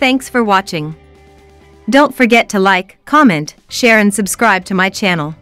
Thanks for watching. Don't forget to like, comment, share and subscribe to my channel.